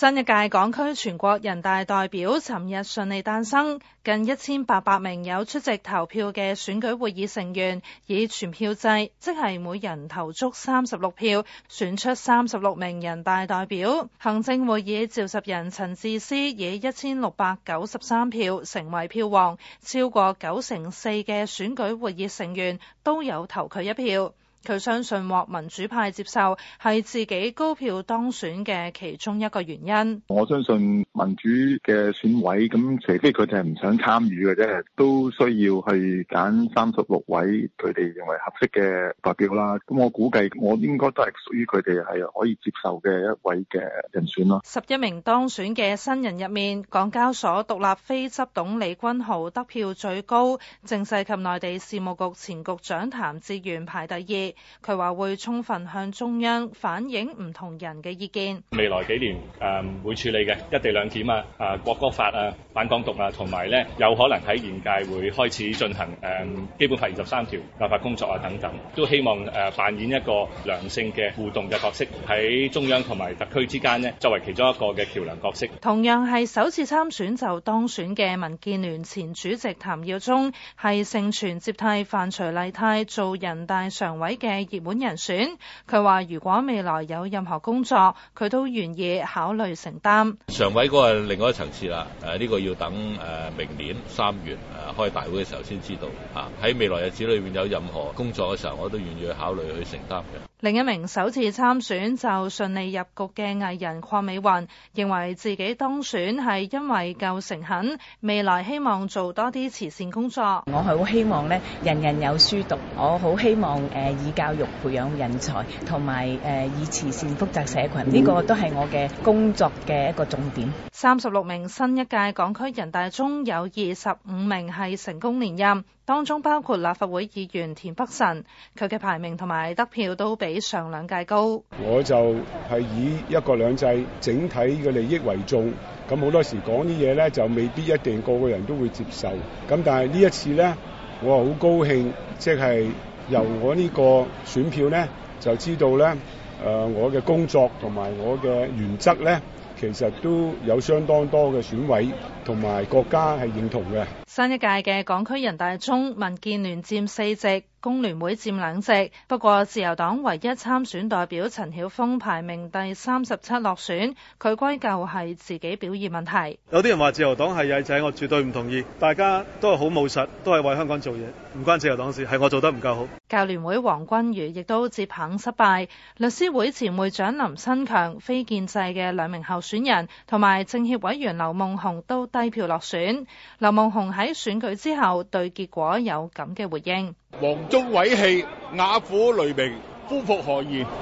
新一屆港區全國人大代表尋日順利誕生，近一千八百名有出席投票嘅選舉會議成員，以全票制，即係每人投足三十六票，選出三十六名人大代表。行政會議召集人陳智思以一千六百九十三票成為票王，超過九成四嘅選舉會議成員都有投佢一票。佢相信獲民主派接受係自己高票當選嘅其中一個原因。我相信民主嘅選委咁，除非佢哋係唔想參與嘅啫，都需要去揀三十六位佢哋認為合適嘅代表啦。咁我估計我應該都係屬於佢哋係可以接受嘅一位嘅人選咯。十一名當選嘅新人入面，港交所獨立非執董李君豪得票最高，政制及內地事務局前局長譚志源排第二。佢話會充分向中央反映唔同人嘅意見。未來幾年誒、嗯、會處理嘅一地兩檢啊、誒國歌法啊、反港獨啊，同埋呢有可能喺現屆會開始進行誒、嗯、基本法二十三條立法工作啊等等，都希望誒扮演一個良性嘅互動嘅角色喺中央同埋特區之間呢，作為其中一個嘅橋梁角色。同樣係首次參選就當選嘅民建聯前主席譚耀宗，係盛傳接替范徐麗泰做人大常委。嘅熱門人選，佢話如果未來有任何工作，佢都願意考慮承擔。常委嗰個係另外一層次啦，誒、這、呢個要等誒明年三月誒開大會嘅時候先知道。嚇喺未來日子裏面有任何工作嘅時候，我都願意去考慮去承擔嘅。另一名首次參選就順利入局嘅藝人鄺美雲，認為自己當選係因為夠誠懇，未來希望做多啲慈善工作。我係好希望呢，人人有書讀。我好希望、呃教育培養人才，同埋誒以慈善扶植社群，呢個都係我嘅工作嘅一個重點。三十六名新一屆港區人大中，有二十五名係成功連任，當中包括立法會議員田北辰，佢嘅排名同埋得票都比上兩屆高。我就係以一國兩制整體嘅利益為重，咁好多時講啲嘢呢就未必一定個個人都會接受，咁但係呢一次呢，我係好高興，即係。由我呢個選票咧，就知道咧，誒，我嘅工作同埋我嘅原則咧，其實都有相當多嘅選委同埋國家係認同嘅。新一屆嘅港區人大中，民建聯佔四席。工聯會佔兩席，不過自由黨唯一參選代表陳曉峰排名第三十七落選，佢歸咎係自己表現問題。有啲人話自由黨係矮仔，就是、我絕對唔同意。大家都係好務實，都係為香港做嘢，唔關自由黨事，係我做得唔夠好。教聯會黃均瑜亦都接棒失敗，律師會前會長林新強、非建制嘅兩名候選人同埋政協委員劉夢熊都低票落選。劉夢熊喺選舉之後對結果有咁嘅回應。黃鐘毀棄，瓦釜雷鳴。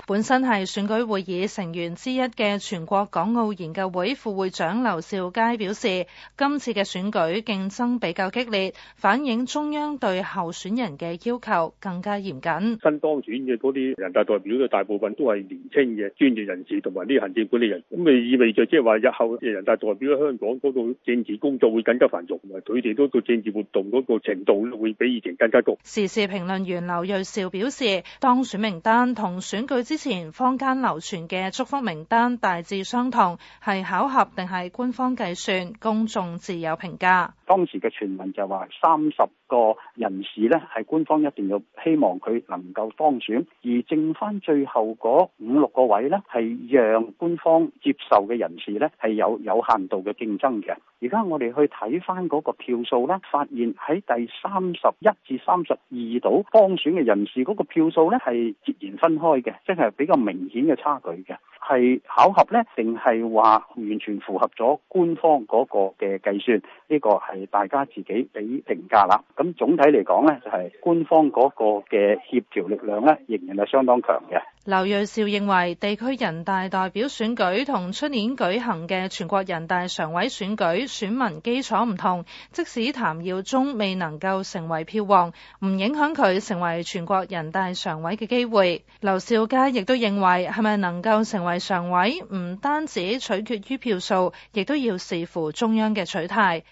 本身係選舉會議成員之一嘅全國港澳研究會副會長劉兆佳表示，今次嘅選舉競爭比較激烈，反映中央對候選人嘅要求更加嚴謹。新當選嘅嗰啲人大代表嘅大部分都係年青嘅專業人士同埋啲行政管理人，咁咪意味著即係話日後嘅人大代表喺香港嗰個政治工作會更加繁榮，同埋佢哋嗰個政治活動嗰個程度會比以前更加高。時事評論員劉銳紹表示，當選名單。但同選舉之前坊間流傳嘅祝福名單大致相同，係巧合定係官方計算？公眾自有評價。當時嘅傳聞就話三十個人士呢係官方一定要希望佢能夠當選，而剩翻最後嗰五六個位呢，係讓官方接受嘅人士呢係有有限度嘅競爭嘅。而家我哋去睇翻嗰個票數咧，發現喺第三十一至三十二度當選嘅人士嗰個票數呢係，分開嘅，即係比較明顯嘅差距嘅。係考核呢，定係話完全符合咗官方嗰個嘅計算？呢、這個係大家自己俾評價啦。咁總體嚟講呢就係、是、官方嗰個嘅協調力量呢，仍然係相當強嘅。劉瑞兆認為，地區人大代表選舉同出年舉行嘅全國人大常委選舉選,舉選民基礎唔同，即使譚耀宗未能夠成為票王，唔影響佢成為全國人大常委嘅機會。劉兆佳亦都認為係咪能夠成為？常委唔單止取決於票數，亦都要視乎中央嘅取態。